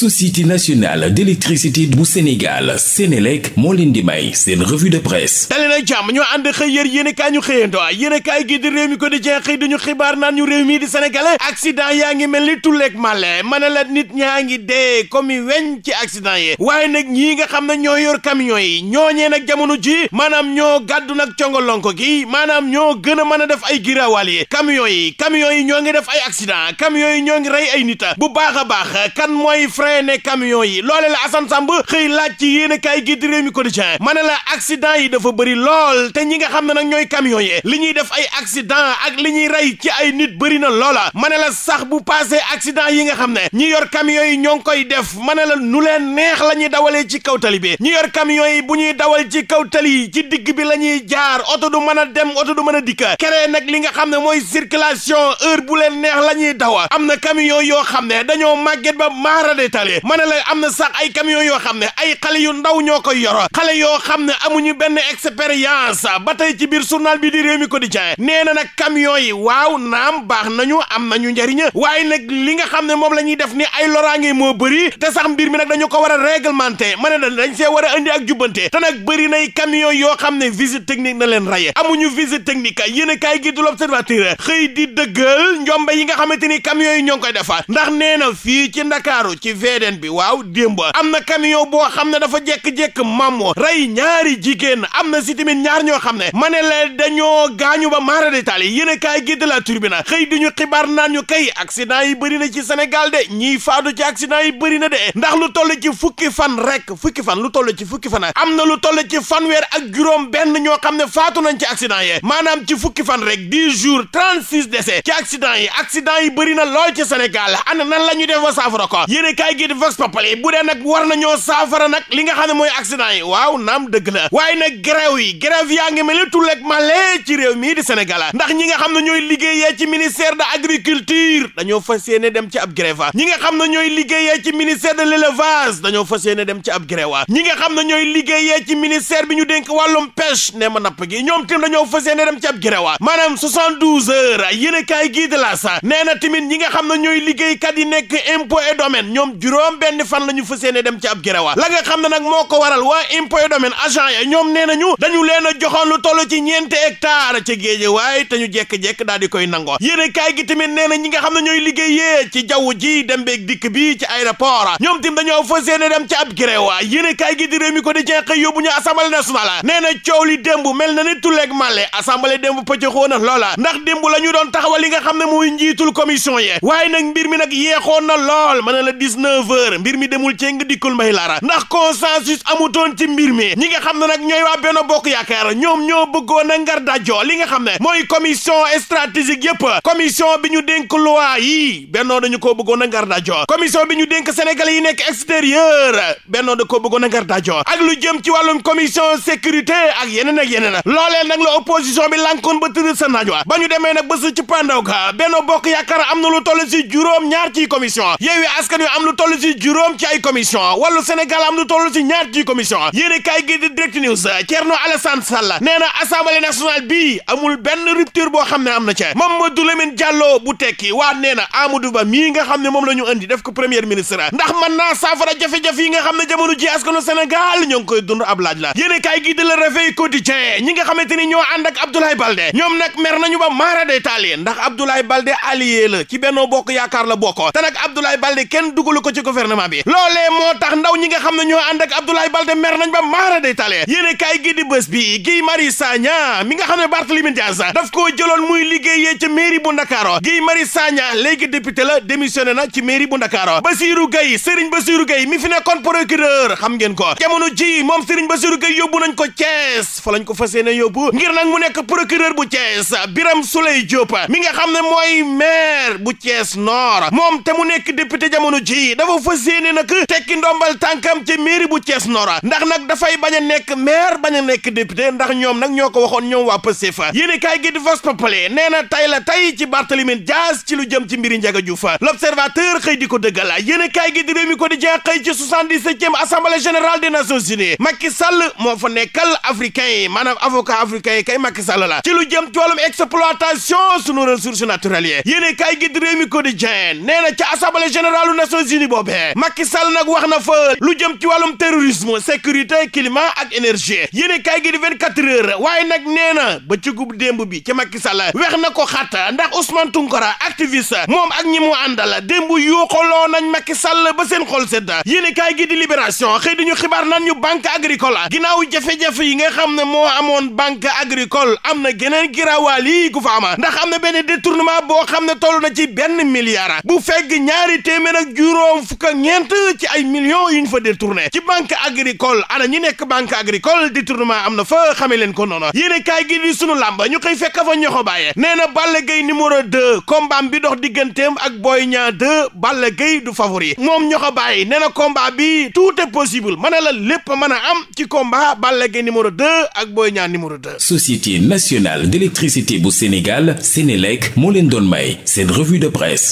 société nationale d'électricité bu Sénégal Sénélec moo leen may seen revue de presse dali na jàmm ñu ànd xëy yér yéen i kaay ñu xëyanto yéen i kaay gi di réew mi ko di jeex xëy dañu xibaar naan ñu réew mi di sénégalais accident yaa ngi mel ni tulleeg male mën a la nit ñaa ngi dee comme weñ ci accident yi waaye nag ñii nga xam ne ñoo yor camion yi ñoo ñooñee nag jamono ji maanaam ñoo gàddu nag congolonko gi maanaam ñoo gën a mën a def ay giraawal yi camion yi camion yi ñoo ngi def ay accident camion yi ñoo ngi rey ay nit bu a baax freiner camion yi loole la Assane Samb xëy laaj ci yéen a kaay gi di Rewmi Quotidien ma ne la yi dafa bëri lool te ñi nga xam ne nag ñooy camion yi li ñuy def ay accident ak li ñuy rey ci ay nit bëri na loola ma ne la sax bu passé accident yi nga xam ne ñi yor camion yi ñoo ngi koy def ma ne la nu leen neex la ñuy dawalee ci kaw tali bi ñi yor camion yi bu ñuy dawal ci kaw tali yi ci digg bi la ñuy jaar oto du mën a dem oto du mën a dikk keree nag li nga xam ne mooy circulation heure bu leen neex la ñuy dawa am na camion yoo xam ne dañoo màgget ba maara de Italie ma la am na sax ay camions yoo xam ne ay xale yu ndaw ñoo koy yoro xale yoo xam ne amuñu benn expérience ba tey ci biir surnal bi di réew mi quotidien nee na nag camions yi waaw naam baax nañu am nañu njariñ waaye nag li nga xam ne moom la ñuy def ni ay loraange moo bëri te sax mbir mi nag dañu ko war a réglementé ma ne la dañ see war a ak jubbante te nag bëri nay camions yoo xam ne visite technique na leen raye amuñu visite technique yéen a kaay gi du l'observateur xëy di dëggal njombe yi nga xamante ni camions yi ñoo ngi koy defar ndax nee na fii ci Ndakaaru ci VDN bi waaw démb am na camion boo xam ne dafa jékki-jékki mamo rey ñaari jigéen am na si tamit ñaar ñoo xam ne ma ne la ñoo gaañu ba maara détail yéen a kaay gi de la turbina xëy di ñu xibaar naan ñu kay accident yi bëri na ci senegal de ñiy faatu ci accident yi bëri na de ndax lu toll ci fukki fan rek fukki fan lu toll ci fukki fan am na lu toll ci fanweer ak juróom benn ñoo xam ne faatu nañ ci accident yi maanaam ci fukki fan rek dix jours trente six décès ci accident yi accident yi bëri na ci Sénégal ana nan la ñu gi di Vox Populi bu dee nag war nañoo saafara nag li nga xam ne mooy accident yi waaw naam dëgg la waaye nag grève yi grève yaa ngi mel ni tulleeg ci réew mii di Sénégal ndax ñi nga xam ne ñooy liggéeyee ci ministère de l'agriculture dañoo fas yéene dem ci ab grève ñi nga xam ne ñooy liggéeyee ci ministère de l'élevage dañoo fas yéene dem ci ab bi ñu dénk wàllum pêche ne ma napp gi ñoom tim dañoo fas yéene dem ci ab grève maanaam 72 heures yéen a kaay gii de sa nee na tamit ñi nga xam ne yi nekk juróom benn fan la ñu fas yéene dem ci ab girawa la nga xam ne nag moo ko waral waa impôt domaine agent ya ñoom nee nañu dañu leen joxoon lu toll ci ñeenti hectare ca géej waaye tañu ñu jekk-jekk daal di koy nangoo yéene kaay gi tamit nee na ñi nga xam ne ñooy liggéeyee ci jaww ji dem beeg dikk bi ci aéroport ñoom tim dañoo fas yéene dem ci ab girawa yéene kaay gi di réew mi ko di jeex yóbbu ñu assemblée nationale nee na coow li démb mel na ni tuleeg male assemblée démb pëccëxoo na loola ndax démb la ñu doon taxawal li nga xam ne muy njiitul commission yi waaye nag mbir mi nag yeexoon na lool mën na neuf heures mbir mi demul cee nga dikkul ndax consensus amutoon ci mbir mi ñi nga xam ne nag ñooy waa Benno Bokk Yaakaar ñoom ñoo bëggoon a ngar dajjoo li nga xam ne mooy commission stratégique yépp commission bi ñu dénk loi yi bennoo dañu koo bëggoon a ngar dajjoo commission bi ñu dénk sénégalais yi nekk extérieur bennoo da koo bëggoon a ngar dajjoo ak lu jëm ci wàllum commission sécurité ak yeneen ak yeneen loolee nag la opposition bi lànkoon ba tëdd sa naaj wa ba ñu demee nag ba su ga Benno toll ci juróom ci ay commission wàllu Sénégal am lu toll ci ñaar ci commission yéene kaay gi di direct news Thierno Alassane Sall nee na assemblée nationale bii amul benn rupture boo xam ne am na ca Mamadou Lamine Diallo bu tekki waa nee na Amadou Ba mii nga xam ne moom la ñu andi def ko premier ministre ndax mën naa saafara jafe-jafe yi nga xam ne jamono ji askanu Sénégal ñoo ngi koy dund ab laaj la yéene kaay gi di la réveil quotidien ñi nga xamante ni ñoo ànd ak Abdoulaye Balde ñoom nag mer nañu ba maara day taali ndax Abdoulaye Balde allié la te nag Abdoulaye ko ci gouvernement bi loolee moo tax ndaw ñi nga xam ne ñoo ànd ak Balde mer nañ ba maara day tale yéene kaay gi di bi Guy Marius Sagna mi nga xam ne Barthélémy Dias daf koo jëloon muy liggéeyee ca mairie bu Ndakaaro Guy Marius Sagna léegi député la démissionné na ci mairie bu Ndakaaro Basirou Gueye Serigne Basirou Gueye mi fi nekkoon procureur xam ngeen ko jamono ji moom Serigne Basirou Gueye yóbbu nañ ko Thiès fa lañ ko fas yéene yóbbu ngir nag mu nekk procureur bu Thiès mi nga xam ne mooy maire bu Thiès Nord moom te mu nekk député jamono dafa fas yéene nag tekki ndombal tànkam ci mairie bu cees Nord ndax nag dafay bañ nekk maire bañ a nekk député ndax ñoom nag ñoo ko waxoon ñoom waa Pastef yéen kaay gi di Vox Populi nee na tay la tay ci Barthélémy Dias ci lu jëm ci mbiri Ndiaga Diouf l'observateur xëy di ko dëggal yéen kaay gi di Rewmi Quotidien xëy ci 77e assemblée générale des nations unies Macky Sall moo fa nekkal africain yi maanaam avocat africain yi kay Macky Sall la ci lu jëm ci wàllum exploitation sunu ressources naturelles yi yéen kaay gi di Rewmi Quotidien nee na ci assemblée générale des boobee Macky Sall nag wax na fa lu jëm ci wàllum terrorisme sécurité climat ak énergie yéen kaay gi di 24 heures waaye nag nee na ba ci gub démb bi ci Macky Sall weex na ko xatt ndax Ousmane Tounkara activiste moom ak ñi mu àndal démb yuuxaloo nañ Macky Sall ba seen xol sedd yéen kaay gi di libération xëy xibaar nan ñu banque agricole ginnaaw jafe-jafe yi nga xam ne moo amoon banque agricole am na geneen giraawaal yi ku fa ama ndax am na benn détournement boo xam ne toll na ci benn milliard bu fegg ñaari téeméer ak juróom fukk ak ñeent ci ay millions yu ñu fa détourné ci banque agricole ana ñi nekk banque agricole détournement am na fa xame leen ko noonu yéen kaay gi di sunu làmba ñu koy fekk fa ñoxo bàyyee nee balle Balla Gaye numéro 2 combat bi dox digganteem ak Boy Niang 2 Balla Gaye du favori moom ñoxo bàyyi nee na combat bi tout est possible mën a la lépp mën a am ci combat Balla Gaye numéro 2 ak Boy Niang numéro 2. Société nationale d'électricité bu Sénégal Sénélec moo leen doon may seen revue de presse.